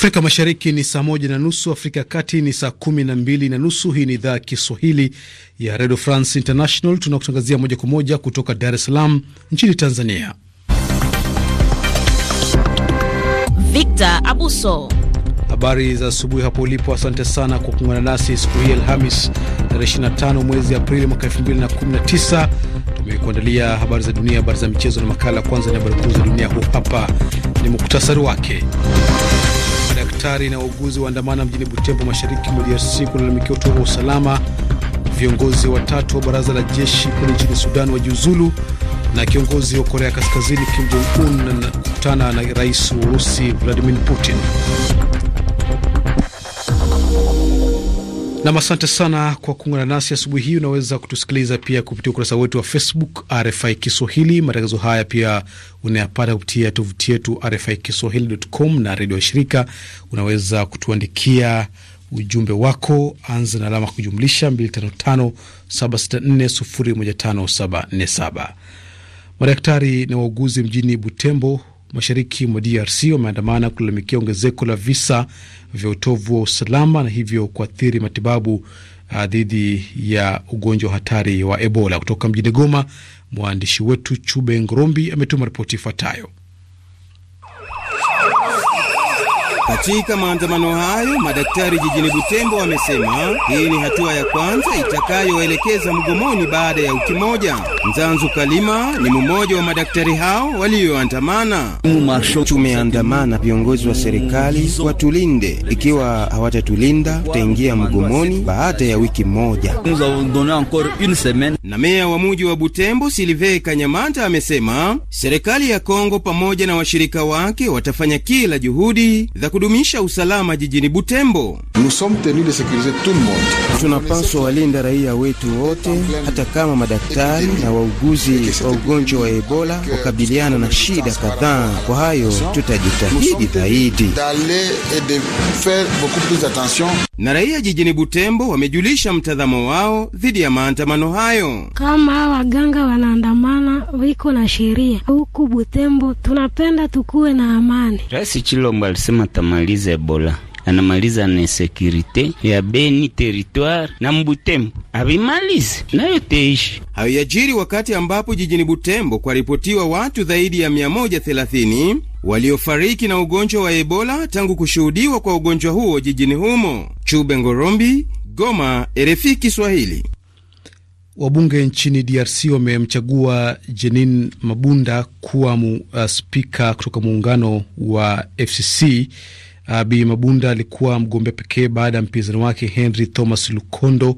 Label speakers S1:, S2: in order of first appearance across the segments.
S1: Afrika Mashariki ni saa moja na nusu, Afrika ya Kati ni saa kumi na mbili na nusu. Hii ni idhaa ya Kiswahili ya Radio France International. Tunakutangazia moja kwa moja kutoka Dar es Salaam nchini Tanzania.
S2: Victor Abuso,
S1: habari za asubuhi hapo ulipo. Asante sana kwa kuungana nasi siku hii Alhamis tarehe 25 mwezi Aprili mwaka 2019. Tumekuandalia habari za dunia, habari za michezo na makala. Kwanza ni habari kuu za dunia, huu hapa ni muktasari wake. Madaktari na wauguzi waandamana mjini Butembo, mashariki mwa DRC kulalamikia utovu wa usalama. Viongozi watatu wa baraza la jeshi kule nchini Sudan wajiuzulu, na kiongozi wa Korea Kaskazini Kim Jong Un anakutana na rais wa Urusi Vladimir Putin. Nam, asante sana kwa kuungana nasi asubuhi hii. Unaweza kutusikiliza pia kupitia ukurasa wetu wa Facebook RFI Kiswahili. Matangazo haya pia unayapata kupitia tovuti yetu RFI Kiswahili.com na redio ya shirika. Unaweza kutuandikia ujumbe wako, anza na alama kujumlisha 255764015747. Madaktari na wauguzi mjini Butembo mashariki mwa DRC wameandamana kulalamikia ongezeko la visa vya utovu wa usalama na hivyo kuathiri matibabu uh, dhidi ya ugonjwa hatari wa Ebola. Kutoka mjini Goma, mwandishi wetu Chube ngrombi ametuma ripoti ifuatayo.
S3: Katika maandamano hayo, madaktari jijini Butembo wamesema hii ni hatua ya kwanza itakayoelekeza mgomoni baada ya wiki moja. Nzanzu Kalima ni mmoja wa madaktari hao walioandamana. Tumeandamana, viongozi wa serikali watulinde, ikiwa hawatatulinda tutaingia mgomoni baada ya wiki moja. Na meya wa muji wa Butembo silive Kanyamanta amesema serikali ya Kongo pamoja na washirika wake watafanya kila juhudi za kudumisha usalama jijini Butembo. Tunapaswa walinda raia wetu wote, hata kama madaktari na wauguzi wa ugonjwa wa Ebola wakabiliana na shida kadhaa. Kwa hayo tutajitahidi zaidi. Na raia jijini Butembo wamejulisha mtazamo wao dhidi ya maandamano hayo.
S2: Kama waganga wanaandamana, wiko na sheria. Huku Butembo tunapenda tukuwe na amani.
S4: Rais Chilombo alisema atamaliza Ebola anamaliza na
S3: insekurite ya Beni territoire na Mbutembo abimalize nayo teishi. Hayo yajiri wakati ambapo jijini Butembo kwaripotiwa watu zaidi ya 130 waliofariki na ugonjwa wa Ebola tangu kushuhudiwa kwa ugonjwa huo jijini humo. Chube Ngorombi, Goma, RFI Kiswahili.
S1: Wabunge nchini DRC wamemchagua jenin Mabunda kuwa uh, spika kutoka muungano wa FCC. Uh, Bi Mabunda alikuwa mgombea pekee baada ya mpinzani wake Henry Thomas Lukondo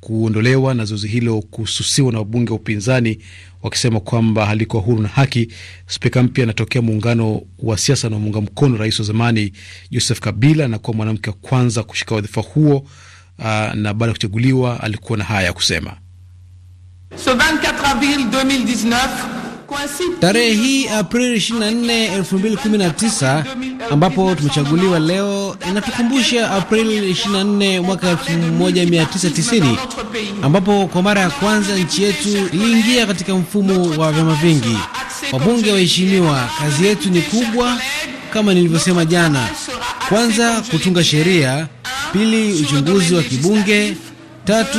S1: kuondolewa na zoezi hilo kususiwa na wabunge wa upinzani wakisema kwamba halikuwa huru na haki. Spika mpya anatokea muungano wa siasa unaomuunga mkono rais wa zamani Joseph Kabila na kuwa mwanamke wa kwanza kushika wadhifa huo. Uh, na baada ya kuchaguliwa alikuwa na haya ya kusema. Tarehe hii Aprili 24, 2019 ambapo tumechaguliwa leo inatukumbusha Aprili 24 mwaka 1990 ambapo kwa mara ya kwanza nchi yetu iliingia katika mfumo wa vyama vingi. Wabunge waheshimiwa, kazi yetu ni kubwa kama nilivyosema jana: kwanza, kutunga sheria; pili, uchunguzi wa kibunge Tatu,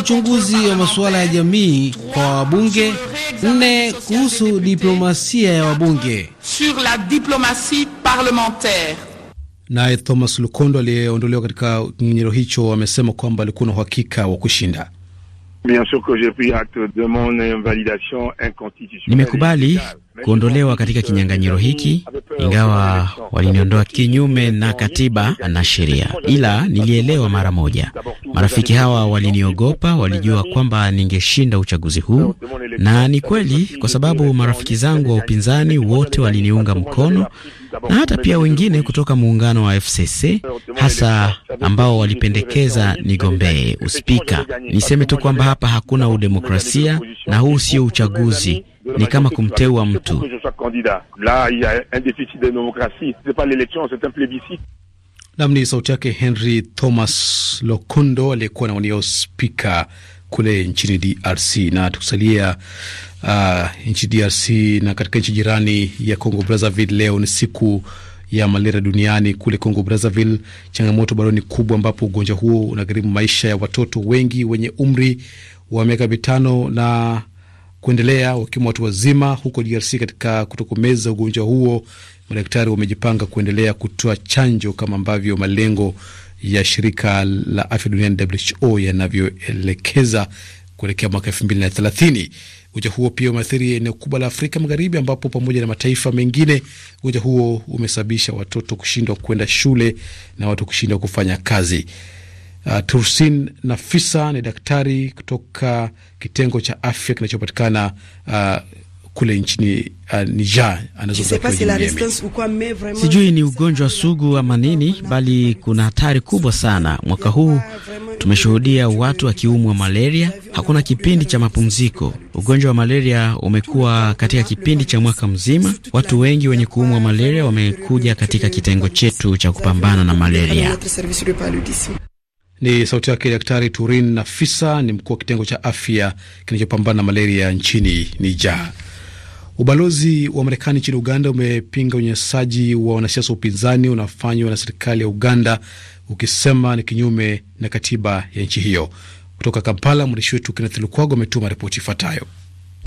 S1: uchunguzi wa masuala ya jamii kwa wabunge. Nne, kuhusu diplomasia ya wabunge. Naye Thomas Lukondo aliyeondolewa katika kinyang'anyiro hicho amesema kwamba alikuwa na uhakika wa kushinda. Nimekubali kuondolewa katika kinyang'anyiro
S4: hiki, ingawa waliniondoa kinyume na katiba na sheria, ila nilielewa mara moja. Marafiki hawa waliniogopa, walijua kwamba ningeshinda uchaguzi huu, na ni kweli, kwa sababu marafiki zangu wa upinzani wote waliniunga mkono na hata pia wengine kutoka muungano wa FCC hasa ambao walipendekeza nigombee uspika. Niseme tu kwamba hapa hakuna udemokrasia
S1: na huu sio uchaguzi
S4: ni kama kumteua mtu.
S1: Nam ni sauti yake Henry Thomas Lokundo aliyekuwa anawania spika kule nchini DRC. Na tukusalia uh, nchi DRC na katika nchi jirani ya Congo Brazzaville, leo ni siku ya malaria duniani. Kule Congo Brazzaville, changamoto bado ni kubwa, ambapo ugonjwa huo unagharimu maisha ya watoto wengi wenye umri wa miaka mitano na kuendelea, wakiwemo watu wazima huko DRC katika kutokomeza ugonjwa huo. Madaktari wamejipanga kuendelea kutoa chanjo kama ambavyo malengo ya shirika la afya duniani WHO yanavyoelekeza kuelekea mwaka elfu mbili na thelathini. Ugonjwa huo pia umeathiri eneo kubwa la Afrika Magharibi, ambapo pamoja na mataifa mengine, ugonjwa huo umesababisha watoto kushindwa kwenda shule na watu kushindwa kufanya kazi. Uh, Tursin Nafisa ni daktari kutoka kitengo cha afya kinachopatikana uh, kule nchini uh, Niger. Sijui ni ugonjwa sugu ama nini, bali kuna hatari kubwa
S4: sana. Mwaka huu tumeshuhudia watu wakiumwa malaria, hakuna kipindi cha mapumziko. Ugonjwa wa malaria umekuwa katika kipindi cha mwaka mzima. Watu wengi wenye
S1: kuumwa malaria wamekuja
S4: katika kitengo chetu cha kupambana na malaria.
S1: Ni sauti yake Daktari Turin Nafisa, ni mkuu wa kitengo cha afya kinachopambana na malaria nchini Nija. Ubalozi wa Marekani nchini Uganda umepinga unyanyasaji wa wanasiasa wa upinzani unafanywa na serikali ya Uganda, ukisema ni kinyume na katiba ya nchi hiyo. Kutoka Kampala, mwandishi wetu Kenneth Lukwago ametuma ripoti ifuatayo.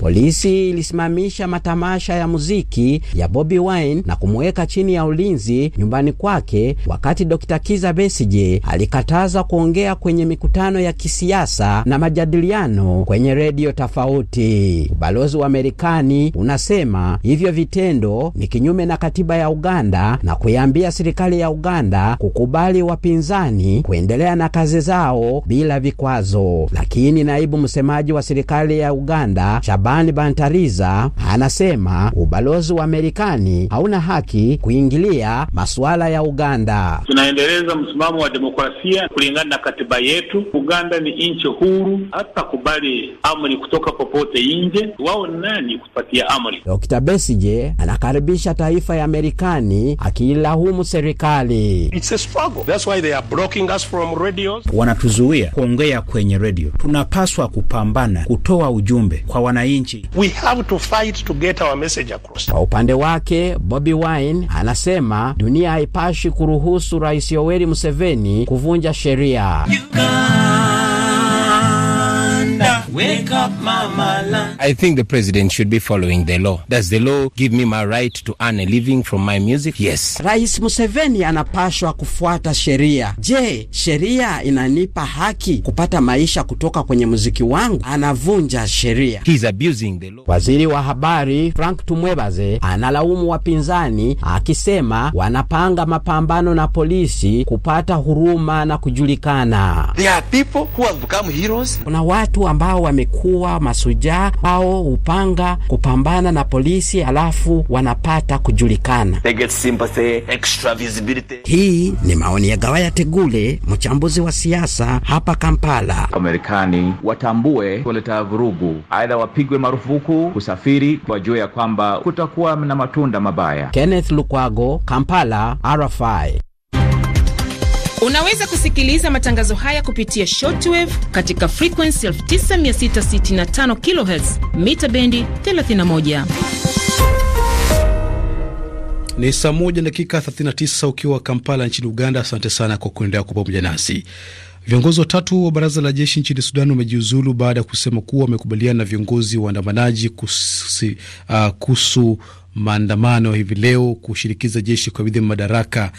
S5: Polisi ilisimamisha matamasha ya muziki ya Bobi Wine na kumweka chini ya ulinzi nyumbani kwake, wakati Dr. Kiza Besije alikataza kuongea kwenye mikutano ya kisiasa na majadiliano kwenye redio tofauti. Ubalozi wa Marekani unasema hivyo vitendo ni kinyume na katiba ya Uganda na kuiambia serikali ya Uganda kukubali wapinzani kuendelea na kazi zao bila vikwazo. Lakini naibu msemaji wa serikali ya Uganda Shaba Shaban Bantariza anasema ubalozi wa Marekani hauna haki kuingilia masuala ya Uganda.
S6: Tunaendeleza msimamo wa demokrasia kulingana na katiba yetu. Uganda ni nchi huru, hata kubali amri kutoka popote nje. Wao nani kupatia amri?
S5: Dokta Besije anakaribisha taifa ya Marekani akiilaumu serikali.
S6: It's a struggle. That's why they are blocking us from radios. Wanatuzuia kuongea kwenye redio. Tunapaswa kupambana kutoa ujumbe kwa wananchi nchi. We have to fight to get our message across. Kwa upande wake Bobi
S5: Wine anasema dunia haipashi kuruhusu Rais Yoweri Museveni kuvunja
S3: sheria. Wake up, mama land. I think the president should be following the law. Does the law give me my right to earn a living from my music? Yes.
S5: Rais Museveni anapashwa kufuata sheria. Je, sheria inanipa haki kupata maisha kutoka kwenye muziki wangu? Anavunja
S3: sheria. He's abusing the law.
S5: Waziri wa habari Frank Tumwebaze analaumu wapinzani akisema wanapanga mapambano na polisi kupata huruma na kujulikana. There are people who have become heroes. Kuna watu ambao ambao wamekuwa masujaa wao upanga kupambana na polisi, alafu wanapata kujulikana. Hii ni maoni ya Gawaya Tegule, mchambuzi wa siasa hapa
S6: Kampala. Wamarekani watambue kuleta vurugu, aidha wapigwe marufuku kusafiri, wajue ya kwamba kutakuwa na matunda mabaya.
S5: Kenneth Lukwago, Kampala, RFI.
S2: Unaweza kusikiliza matangazo haya kupitia shortwave katika frequency 9665 kHz mita bendi 31.
S1: Ni saa moja dakika 39 ukiwa Kampala nchini Uganda. Asante sana kwa kuendelea kwa pamoja nasi. Viongozi watatu wa baraza la jeshi nchini Sudan wamejiuzulu baada ya kusema kuwa wamekubaliana na viongozi waandamanaji uh, kuhusu uh, maandamano hivi leo kushirikiza jeshi kukabidhi madaraka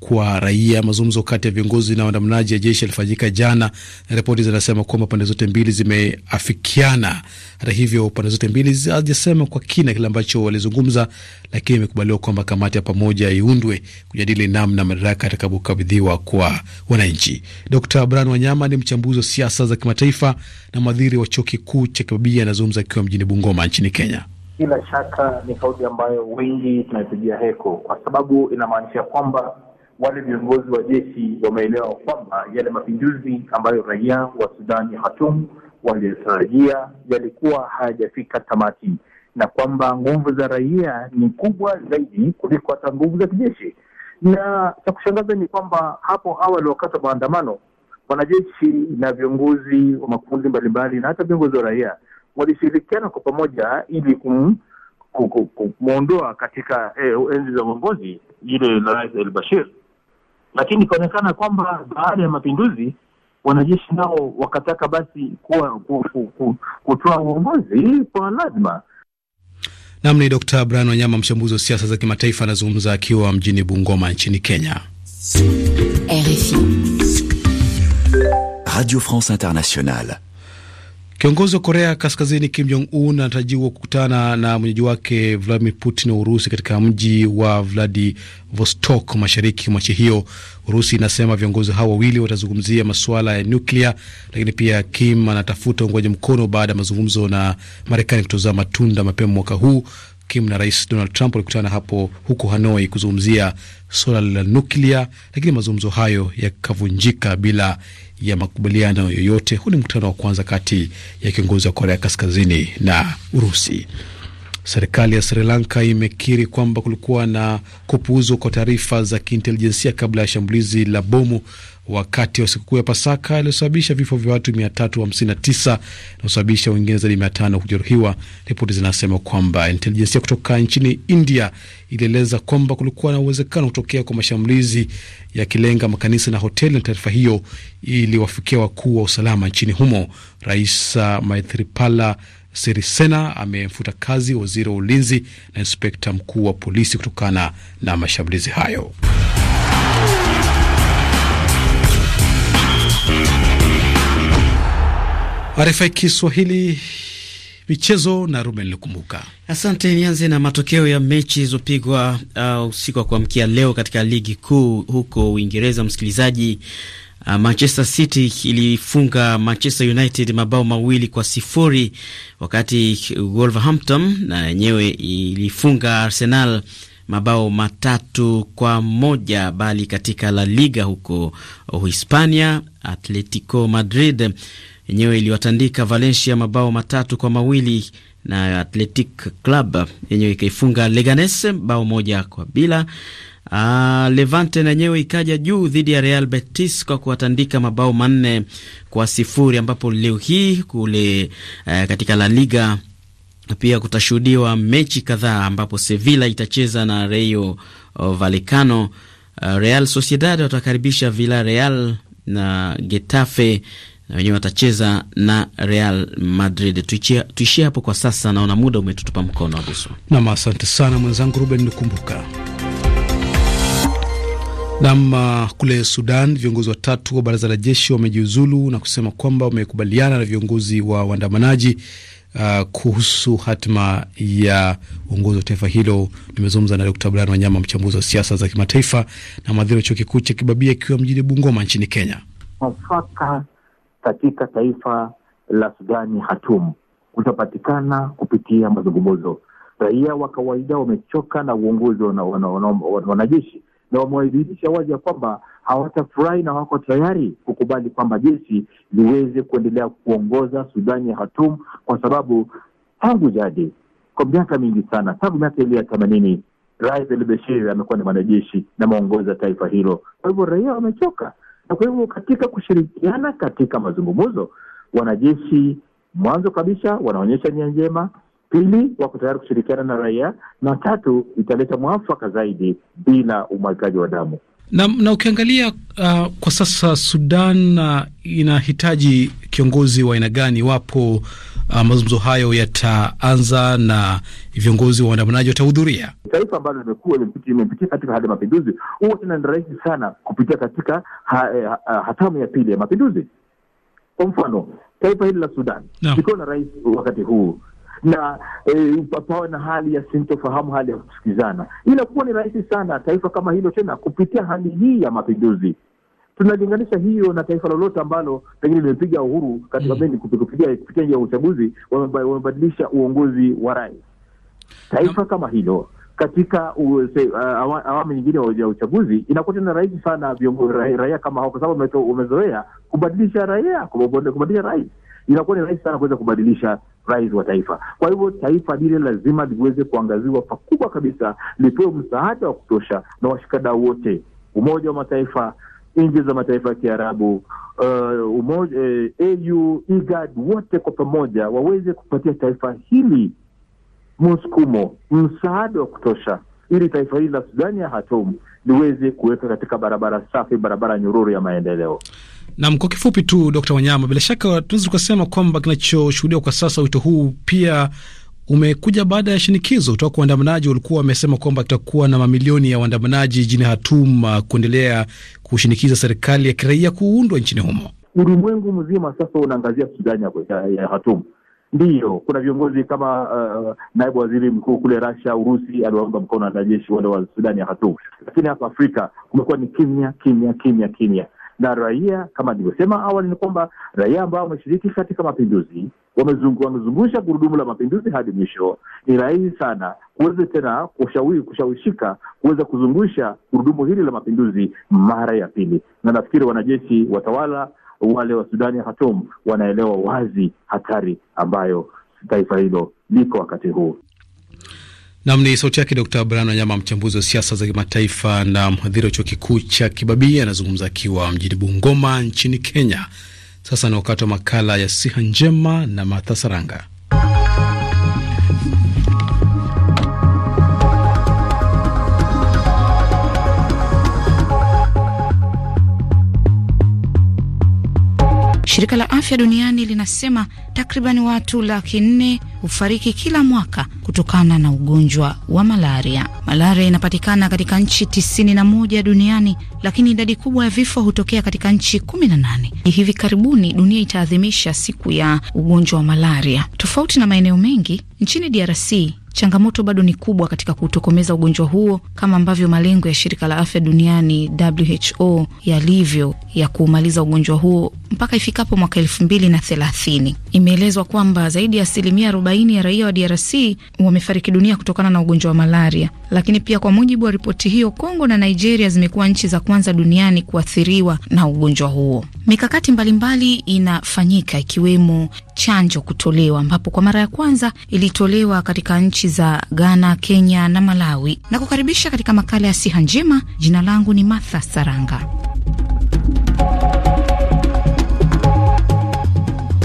S1: kwa raia. Mazungumzo kati ya viongozi na waandamanaji ya jeshi yalifanyika jana, na ripoti zinasema kwamba pande zote mbili zimeafikiana. Hata hivyo, pande zote mbili hazijasema kwa kina kile ambacho walizungumza, lakini imekubaliwa kwamba kamati ya pamoja iundwe kujadili namna madaraka yatakapokabidhiwa kwa wananchi. Dr Brian Wanyama ni mchambuzi wa siasa za kimataifa na mwadhiri wa chuo kikuu cha Kibabii, anazungumza akiwa mjini Bungoma nchini Kenya.
S7: Bila shaka ni kauli ambayo wengi tunaipigia heko kwa sababu inamaanisha kwamba wale viongozi wa jeshi wameelewa kwamba yale mapinduzi ambayo raia wa Sudani hatum waliotarajia yalikuwa hayajafika tamati, na kwamba nguvu za raia ni kubwa zaidi kuliko hata nguvu za kijeshi. Na cha kushangaza ni kwamba hapo awali, wakati wa maandamano, wanajeshi na viongozi wa makundi mbalimbali na hata viongozi wa raia walishirikiana kwa pamoja ili kum kumwondoa katika eh, enzi za uongozi yule rais El Bashir lakini ikaonekana kwamba baada ya mapinduzi wanajeshi nao wakataka basi kuwa kutoa uongozi kwa lazima.
S1: Nam ni Dkt. Brian Wanyama, mchambuzi wa siasa za kimataifa, anazungumza akiwa mjini Bungoma nchini Kenya. RFI Radio France Internationale. Kiongozi wa Korea Kaskazini Kim Jong Un anatarajiwa kukutana na mwenyeji wake Vladimir Putin wa Urusi katika mji wa Vladivostok, mashariki mwa nchi hiyo. Urusi inasema viongozi hao wawili watazungumzia masuala ya nuklia, lakini pia Kim anatafuta uungwaji mkono baada ya mazungumzo na Marekani kutozaa matunda mapema mwaka huu. Kim na Rais Donald Trump walikutana hapo huko Hanoi kuzungumzia suala la nuklia, lakini mazungumzo hayo yakavunjika bila ya makubaliano yoyote. Huu ni mkutano wa kwanza kati ya kiongozi wa Korea Kaskazini na Urusi. Serikali ya Sri Lanka imekiri kwamba kulikuwa na kupuuzwa kwa taarifa za kiintelijensia kabla ya shambulizi la bomu wakati wa sikukuu ya Pasaka iliyosababisha vifo vya watu 359 na kusababisha wengine zaidi ya 500 kujeruhiwa. Ripoti zinasema kwamba intelijensia kutoka nchini India ilieleza kwamba kulikuwa na uwezekano kutokea kwa mashambulizi yakilenga makanisa na hoteli, na taarifa hiyo iliwafikia wakuu wa usalama nchini humo. Rais uh, Maithripala Sirisena amemfuta kazi waziri wa ulinzi na inspekta mkuu wa polisi kutokana na mashambulizi hayo. RFI Kiswahili michezo na Ruben Likumbuka. Asante,
S4: nianze na matokeo ya mechi ilizopigwa uh, usiku wa kuamkia leo katika ligi kuu huko Uingereza. Msikilizaji Ah, Manchester City ilifunga Manchester United mabao mawili kwa sifuri wakati Wolverhampton na yenyewe ilifunga Arsenal mabao matatu kwa moja. Bali katika La Liga huko Uhispania, Atletico Madrid yenyewe iliwatandika Valencia mabao matatu kwa mawili na Athletic Club yenyewe ikaifunga Leganes bao moja kwa bila. Uh, Levante na nyewe ikaja juu dhidi ya Real Betis kwa kuwatandika mabao manne kwa sifuri ambapo leo hii kule uh, katika La Liga pia kutashuhudiwa mechi kadhaa ambapo Sevilla itacheza na Rayo Vallecano. Uh, Real Sociedad watakaribisha Villarreal na Getafe na wenyewe watacheza na Real Madrid. Tuishie hapo kwa sasa, naona muda umetutupa mkono. Abuso
S1: nam, asante sana mwenzangu Ruben Nikumbuka. Nam uh, kule Sudan, viongozi watatu wa baraza la jeshi wamejiuzulu na kusema kwamba wamekubaliana na viongozi wa waandamanaji uh, kuhusu hatima ya uongozi wa taifa hilo. Nimezungumza na Dkt. Brian Wanyama, mchambuzi wa siasa za kimataifa na mhadhiri wa chuo kikuu cha Kibabia akiwa mjini Bungoma nchini Kenya.
S7: Mwafaka katika taifa la Sudani hatum utapatikana kupitia mazungumzo. Raia wa kawaida wamechoka na uongozi wa wanajeshi na wamewaidhinisha wazi ya kwamba hawatafurahi na wako tayari kukubali kwamba jeshi liweze kuendelea kuongoza Sudani ya Hatum kwa sababu tangu jadi kwa miaka mingi sana, tangu miaka ile ya themanini Rais al amekuwa ni mwanajeshi na maongoza taifa hilo. Kwa hivyo raia wamechoka, na kwa hivyo katika kushirikiana katika mazungumzo, wanajeshi mwanzo kabisa wanaonyesha nia njema, Pili, wako tayari kushirikiana na raia, na tatu, italeta mwafaka zaidi bila umwagikaji wa damu.
S1: Na, na ukiangalia uh, kwa sasa Sudan uh, inahitaji kiongozi wa aina gani iwapo uh, mazungumzo hayo yataanza na viongozi wa waandamanaji watahudhuria?
S7: Taifa ambalo limekuwa limepitia katika hali ya mapinduzi huwa tena ni rahisi sana kupitia katika ha, eh, ha, ha, eh, hatamu ya pili ya mapinduzi. Kwa mfano taifa hili la Sudan likiwa na rais wakati huu na e, eh, pawe na hali ya sintofahamu, hali ya kusikizana. Inakuwa ni rahisi sana taifa kama hilo tena kupitia hali hii ya mapinduzi. Tunalinganisha hiyo na taifa lolote ambalo pengine limepiga uhuru katika mm. bendi kupitia kupitia njia ya uchaguzi, wamebadilisha uongozi wa rais. Taifa no. kama hilo katika awamu nyingine ya uchaguzi inakuwa tena rahisi sana viongozi raia kama hao, kwa sababu umezoea kubadilisha raia, kubadilisha rais inakuwa ni rahisi sana kuweza kubadilisha rais wa taifa. Kwa hivyo taifa lile lazima liweze kuangaziwa pakubwa kabisa, lipewe msaada wa kutosha na washikadau wote, Umoja wa Mataifa, nchi za mataifa ya Kiarabu, uh, AU, eh, IGAD, wote kwa pamoja waweze kupatia taifa hili msukumo, msaada wa kutosha ili taifa hili la Sudani ya Hatum liweze kuweka katika barabara safi, barabara nyururu ya maendeleo.
S1: Nam, kwa kifupi tu, d Wanyama, bila shaka tunaweza tukasema kwamba kinachoshuhudiwa kwa sasa, wito huu pia umekuja baada ya shinikizo kutoka kwa waandamanaji. Walikuwa wamesema kwamba kutakuwa na mamilioni ya waandamanaji jijini Hatuma uh, kuendelea kushinikiza serikali ya kiraia kuundwa
S8: nchini humo.
S7: Ulimwengu mzima sasa unaangazia Sudani ya, ya Ndiyo, kuna viongozi kama uh, naibu waziri mkuu kule Russia, Urusi aliwaunga mkono wanajeshi wale wa Sudani ya Hatumu, lakini hapa Afrika kumekuwa ni kimya kimya kimya kimya na raia. Kama nilivyosema awali, ni kwamba raia ambao wameshiriki katika mapinduzi wamezungusha gurudumu la mapinduzi hadi mwisho. Ni rahisi sana kuweza tena kushawishika kuweza kuzungusha gurudumu hili la mapinduzi mara ya pili, na nafikiri wanajeshi watawala wale wa Sudani ya wanaelewa wazi hatari ambayo taifa hilo liko wakati huu.
S1: Nam ni sauti yake Dr Brian Wanyama, mchambuzi wa siasa za kimataifa na mhadhiri wa chuo kikuu cha Kibabii, anazungumza akiwa mjini Bungoma nchini Kenya. Sasa ni wakati wa makala ya siha njema na Martha Saranga.
S2: Shirika la Afya Duniani linasema takribani watu laki nne hufariki kila mwaka kutokana na ugonjwa wa malaria. Malaria inapatikana katika nchi tisini na moja duniani, lakini idadi kubwa ya vifo hutokea katika nchi kumi na nane. Hivi karibuni dunia itaadhimisha siku ya ugonjwa wa malaria. Tofauti na maeneo mengi nchini DRC, changamoto bado ni kubwa katika kutokomeza ugonjwa huo kama ambavyo malengo ya shirika la afya duniani WHO yalivyo ya kuumaliza ugonjwa huo mpaka ifikapo mwaka elfu mbili na thelathini. Imeelezwa kwamba zaidi ya asilimia arobaini ya raia wa DRC wamefariki dunia kutokana na ugonjwa wa malaria, lakini pia kwa mujibu wa ripoti hiyo, Kongo na Nigeria zimekuwa nchi za kwanza duniani kuathiriwa na ugonjwa huo. Mikakati mbalimbali inafanyika ikiwemo chanjo kutolewa, ambapo kwa mara ya kwanza ilitolewa katika nchi za Ghana, Kenya na Malawi. Na kukaribisha katika makala ya siha njema, jina langu ni Martha Saranga.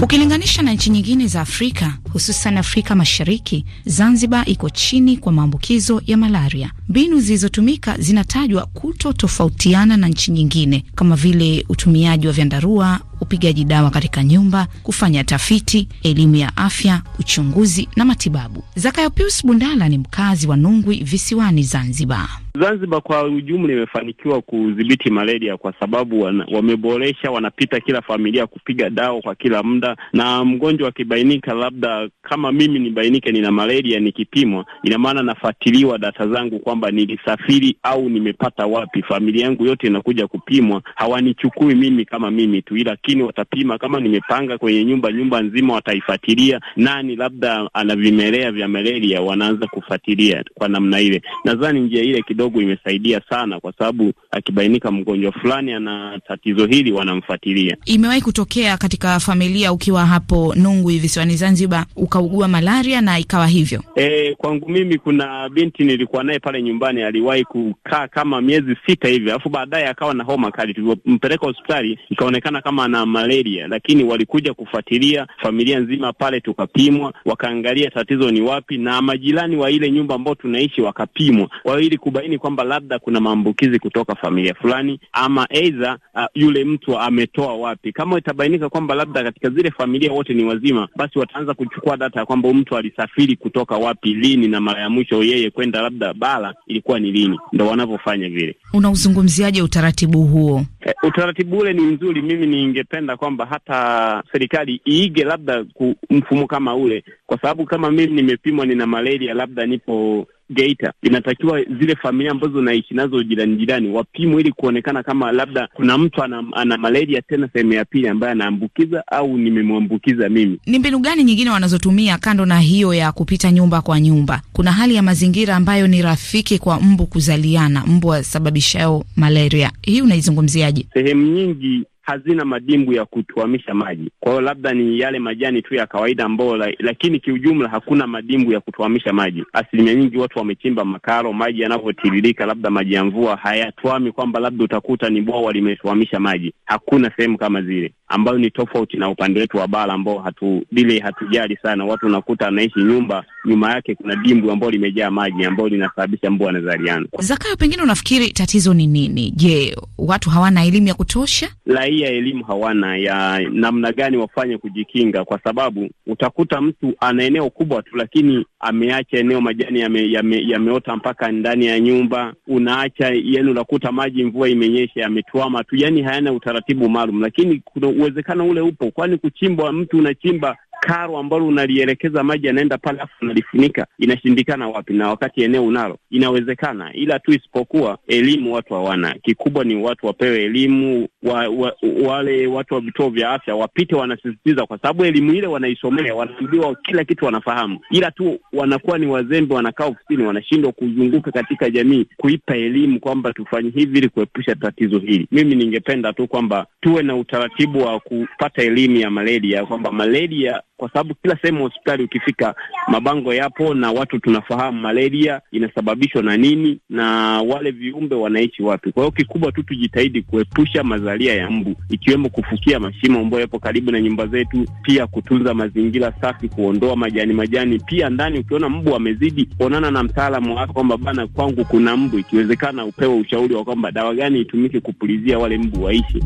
S2: Ukilinganisha na nchi nyingine za Afrika hususan Afrika Mashariki, Zanzibar iko chini kwa maambukizo ya malaria. Mbinu zilizotumika zinatajwa kutotofautiana na nchi nyingine kama vile utumiaji wa vyandarua, upigaji dawa katika nyumba, kufanya tafiti, elimu ya afya, uchunguzi na matibabu. Zakayo Pius Bundala ni mkazi wa Nungwi visiwani Zanzibar.
S6: Zanzibar kwa ujumla imefanikiwa kudhibiti malaria kwa sababu wana, wameboresha, wanapita kila familia kupiga dawa kwa kila muda, na mgonjwa akibainika, labda kama mimi nibainike nina malaria nikipimwa, ina maana nafuatiliwa data zangu kwamba nilisafiri au nimepata wapi. Familia yangu yote inakuja kupimwa, hawanichukui mimi kama mimi tu, lakini watapima kama nimepanga kwenye nyumba, nyumba nzima wataifuatilia, nani labda ana vimelea vya malaria, wanaanza kufuatilia kwa namna ile. Nadhani njia ile kidogo kidogo imesaidia sana, kwa sababu akibainika mgonjwa fulani ana tatizo hili wanamfuatilia.
S2: Imewahi kutokea katika familia ukiwa hapo Nungwi visiwani Zanzibar ukaugua malaria na ikawa hivyo?
S6: E, kwangu mimi kuna binti nilikuwa naye pale nyumbani aliwahi kukaa kama miezi sita hivi, alafu baadaye akawa na homa kali. Tulivyompeleka hospitali ikaonekana kama ana malaria, lakini walikuja kufuatilia familia nzima pale, tukapimwa, wakaangalia tatizo ni wapi, na majirani wa ile nyumba ambao tunaishi wakapimwa kwa ili kubaini wanaamini kwamba labda kuna maambukizi kutoka familia fulani, ama aidha uh, yule mtu ametoa wapi. Kama itabainika kwamba labda katika zile familia wote ni wazima, basi wataanza kuchukua data ya kwamba mtu alisafiri kutoka wapi, lini, na mara ya mwisho yeye kwenda labda bara ilikuwa ni lini. Ndo wanavyofanya vile.
S2: Unauzungumziaje utaratibu huo? E, utaratibu ule ni mzuri. Mimi
S6: ningependa kwamba hata serikali iige labda mfumo kama ule, kwa sababu kama mimi nimepimwa nina malaria, labda nipo Geita, inatakiwa zile familia ambazo naishi nazo jirani jirani wapimwe, ili kuonekana kama labda kuna mtu ana, ana malaria tena sehemu ya pili ambaye anaambukiza au nimemwambukiza mimi.
S2: Ni mbinu gani nyingine wanazotumia kando na hiyo ya kupita nyumba kwa nyumba? Kuna hali ya mazingira ambayo ni rafiki kwa mbu kuzaliana, mbu wasababishao malaria, hii unaizungumziaje?
S6: Sehemu nyingi hazina madimbu ya kutuamisha maji. Kwa hiyo labda ni yale majani tu ya kawaida ambao, lakini kiujumla hakuna madimbu ya kutuamisha maji. Asilimia nyingi watu wamechimba makaro, maji yanavyotiririka, labda maji ya mvua hayatwami, kwamba labda utakuta ni bwawa limetuamisha maji. Hakuna sehemu kama zile, ambayo ni tofauti na upande wetu wa bara ambao hatudile, hatujali sana. Watu unakuta anaishi nyumba, nyuma yake kuna dimbu ambayo limejaa maji ambayo linasababisha na anazaliana.
S2: Zakayo, pengine unafikiri tatizo ni nini? Je, watu hawana elimu ya kutosha?
S6: Lai raia elimu hawana ya namna gani wafanye kujikinga, kwa sababu utakuta mtu ana eneo kubwa tu, lakini ameacha eneo majani yame, yame, yameota mpaka ndani ya nyumba, unaacha yani, unakuta maji, mvua imenyesha, yametuama tu, yani hayana utaratibu maalum, lakini kuna uwezekano ule upo, kwani kuchimbwa, mtu unachimba karo ambalo unalielekeza maji yanaenda pale afu unalifunika, inashindikana wapi? Na wakati eneo unalo inawezekana, ila tu isipokuwa elimu watu hawana. Kikubwa ni watu wapewe elimu wa, wa, wale watu wa vituo vya afya wapite, wanasisitiza kwa sababu elimu ile wanaisomea, wanaambiwa kila kitu wanafahamu, ila tu wanakuwa ni wazembe, wanakaa ofisini, wanashindwa kuzunguka katika jamii kuipa elimu kwamba tufanye hivi ili kuepusha tatizo hili. Mimi ningependa tu kwamba tuwe na utaratibu wa kupata elimu ya malaria kwamba malaria kwa sababu kila sehemu hospitali ukifika, mabango yapo na watu tunafahamu malaria inasababishwa na nini na wale viumbe wanaishi wapi. Kwa hiyo kikubwa tu tujitahidi kuepusha mazalia ya mbu, ikiwemo kufukia mashimo ambayo yapo karibu na nyumba zetu, pia kutunza mazingira safi, kuondoa majani majani. Pia ndani ukiona mbu amezidi, onana na mtaalamu afya kwamba bana, kwangu kuna mbu, ikiwezekana upewe ushauri wa kwamba dawa gani itumike kupulizia wale mbu waishi.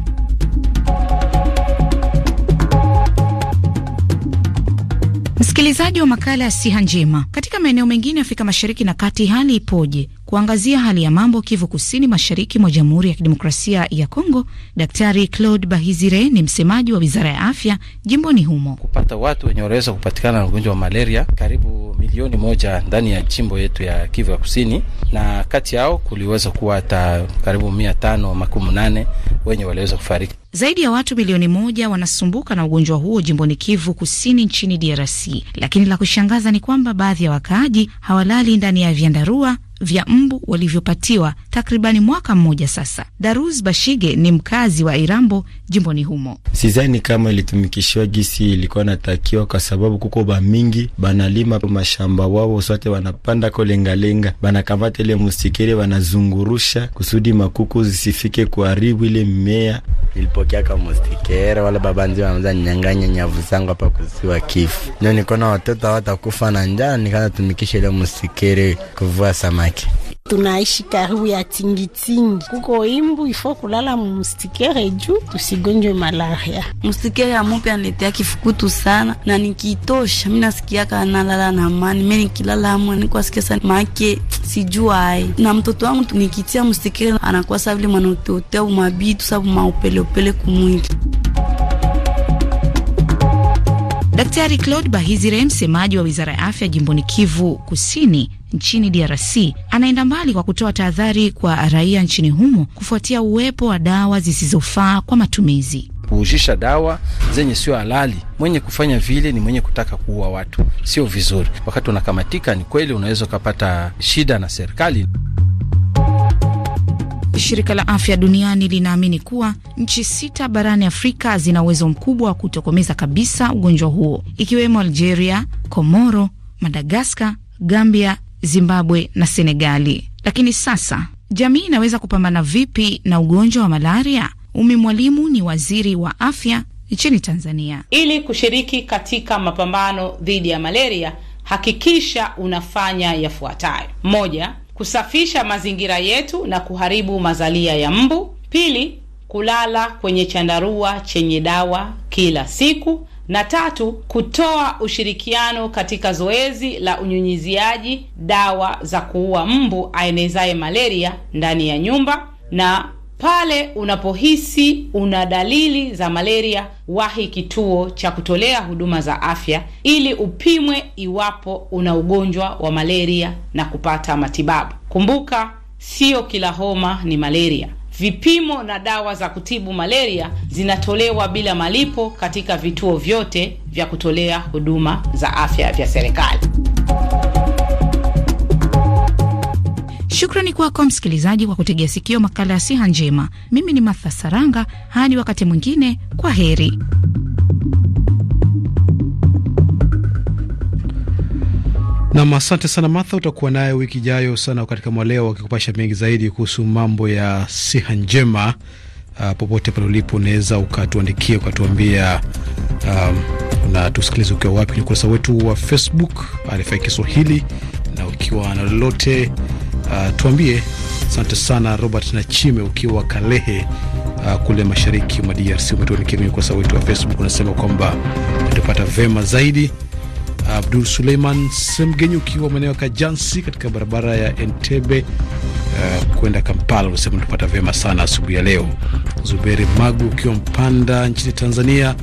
S2: Msikilizaji wa makala ya siha njema, katika maeneo mengine ya Afrika Mashariki na Kati hali ipoje? kuangazia hali ya mambo Kivu Kusini, mashariki mwa Jamhuri ya Kidemokrasia ya Kongo. Daktari Claude Bahizire ni msemaji wa wizara ya afya jimboni humo.
S3: Kupata watu wenye wanaweza kupatikana na ugonjwa wa malaria karibu milioni moja ndani ya jimbo yetu ya Kivu ya Kusini, na kati yao kuliweza kuwa hata karibu mia tano makumi nane wenye waliweza kufariki.
S2: Zaidi ya watu milioni moja wanasumbuka na ugonjwa huo jimboni Kivu Kusini nchini DRC, lakini la kushangaza ni kwamba baadhi ya wakaaji hawalali ndani ya vyandarua vya mbu walivyopatiwa takribani mwaka mmoja sasa. Daruz Bashige ni mkazi wa Irambo jimboni humo.
S3: Sizani kama ilitumikishiwa gisi ilikuwa natakiwa, kwa sababu kuko ba mingi banalima mashamba wao sote wanapanda kolengalenga, banakamata ile musikiri wanazungurusha kusudi makuku zisifike kuharibu ile mimea. Nilipokea ka mustikere wale babanzi wanaweza nyang'anya nyavu zangu hapa kuziwa kifu, ndio nikona watoto hawatakufa
S5: na njaa, nikaza tumikisha ile musikere kuvua samaki
S2: tunaishi karibu ya tingitingi, kuko imbu ifo kulala mustikere juu tusigonjwe malaria. Mustikere ya mupya niletea kifukutu sana, na nikitosha mi nasikiaka nalala na amani. Mi nikilala amwe nikwasikia sana make sijua na mtoto wangu nikitia mustikere anakuwa sa vile mwanauteuteu umabitu sabu maupeleupele kumwingi Daktari Claude Bahizire, msemaji wa wizara ya afya jimboni Kivu Kusini nchini DRC anaenda mbali kwa kutoa tahadhari kwa raia nchini humo kufuatia uwepo wa dawa zisizofaa kwa matumizi.
S3: kuhushisha dawa zenye sio halali, mwenye kufanya vile ni mwenye kutaka kuua watu, sio vizuri. Wakati unakamatika, ni kweli unaweza ukapata shida na serikali.
S2: Shirika la Afya Duniani linaamini kuwa nchi sita barani Afrika zina uwezo mkubwa wa kutokomeza kabisa ugonjwa huo ikiwemo Algeria, Komoro, Madagaskar, Gambia, Zimbabwe na Senegali. Lakini sasa jamii inaweza kupambana vipi na ugonjwa wa malaria? Umi Mwalimu ni waziri wa afya nchini Tanzania. Ili kushiriki katika mapambano dhidi ya malaria, hakikisha unafanya yafuatayo: moja, kusafisha mazingira yetu na kuharibu mazalia ya mbu. Pili, kulala kwenye chandarua chenye dawa kila siku. Na tatu, kutoa ushirikiano katika zoezi la unyunyiziaji dawa za kuua mbu aenezaye malaria ndani ya nyumba na pale unapohisi una dalili za malaria, wahi kituo cha kutolea huduma za afya ili upimwe iwapo una ugonjwa wa malaria na kupata matibabu. Kumbuka, sio kila homa ni malaria. Vipimo na dawa za kutibu malaria zinatolewa bila malipo katika vituo vyote vya kutolea huduma za afya vya serikali. Shukrani kwako msikilizaji kwa kutegea sikio makala ya siha njema. Mimi ni Martha Saranga, hadi wakati mwingine, kwa heri.
S1: Nam, asante sana Martha. Utakuwa naye wiki ijayo sana katika mwaleo, wakikupasha mengi zaidi kuhusu mambo ya siha njema. Uh, popote pale ulipo unaweza ukatuandikia ukatuambia, um, na tusikilize ukiwa wapi kwenye ukurasa wetu wa Facebook RFI Kiswahili, na ukiwa na lolote uh, tuambie. Asante sana Robert Nachime ukiwa Kalehe uh, kule mashariki mwa DRC umetuandikia kwenye ukurasa wetu wa Facebook, unasema kwamba utapata vema zaidi. Ah, Abdul Suleiman Semgenyi ukiwa maeneo ya Kajansi katika barabara ya Entebe uh, kwenda Kampala, unasema utapata vema sana asubuhi ya leo. Zuberi Magu ukiwa Mpanda nchini Tanzania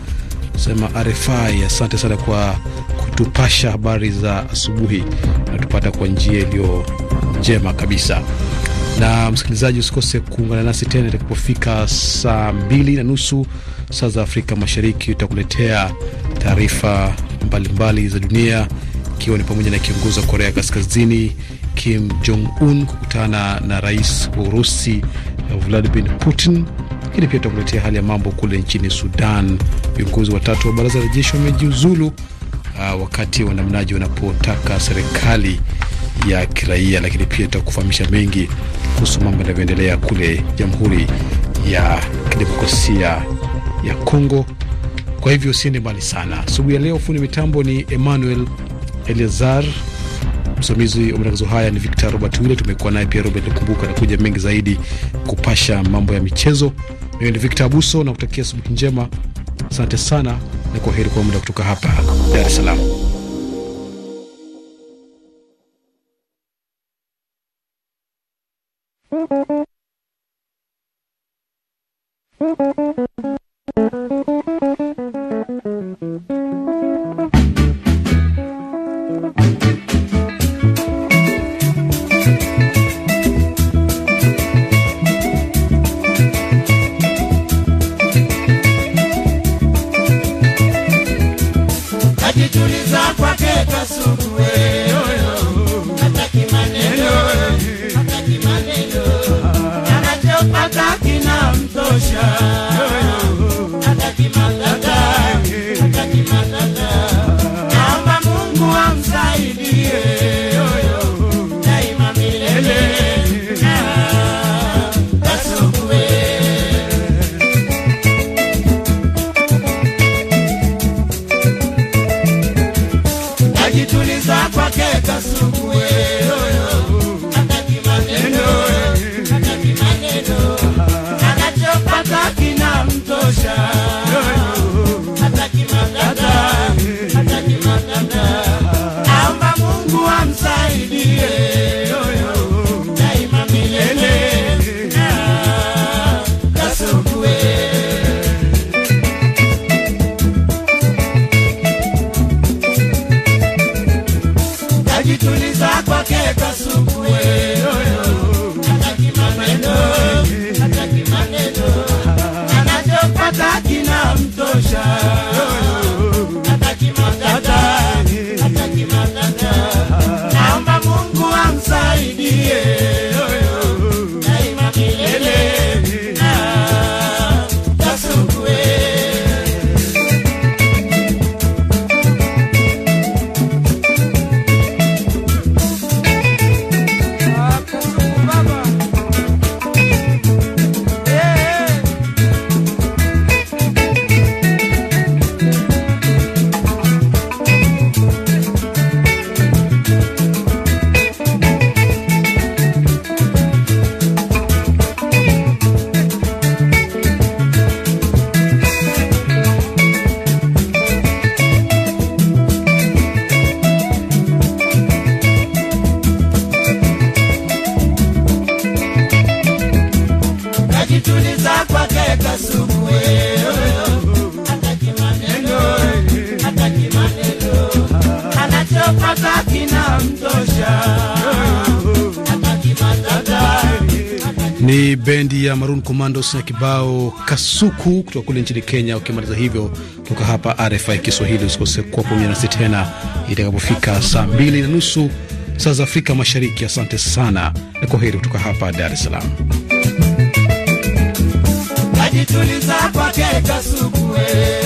S1: sema RFI, asante sana kwa kutupasha habari za asubuhi na tupata kwa njia iliyo njema kabisa. Na msikilizaji, usikose kuungana nasi tena itakapofika saa mbili na nusu saa za Afrika Mashariki. Utakuletea taarifa mbalimbali za dunia, ikiwa ni pamoja na kiongozi wa Korea Kaskazini Kim Jong Un kukutana na rais wa Urusi Vladimir Putin. Lakini pia utakuletea hali ya mambo kule nchini Sudan. Viongozi watatu wa baraza la jeshi wamejiuzulu uh, wakati waandamanaji wanapotaka serikali ya kiraia, lakini pia itakufahamisha mengi kuhusu mambo yanavyoendelea kule Jamhuri ya Kidemokrasia ya Kongo. Kwa hivyo usiende mbali sana. Asubuhi ya leo fundi mitambo ni Emmanuel Eleazar, msimamizi wa matangazo haya ni Victor Robert Wile. Tumekuwa naye pia Robert Kumbuka, nakuja mengi zaidi kupasha mambo ya michezo. Mimi ni Victor Abuso na kutakia asubuhi njema, asante sana na kwa heri kwa muda kutoka hapa
S6: Dar es Salaam.
S8: kituliza sua kasugue
S1: Maroon Commandos na kibao kasuku kutoka kule nchini Kenya. Ukimaliza hivyo kutoka hapa RFI Kiswahili, usikose kuwa pamoja nasi tena itakapofika saa mbili na nusu saa za Afrika Mashariki. Asante sana na kwa heri kutoka hapa Dar es Salaam.
S8: Najituliza kwake kasuku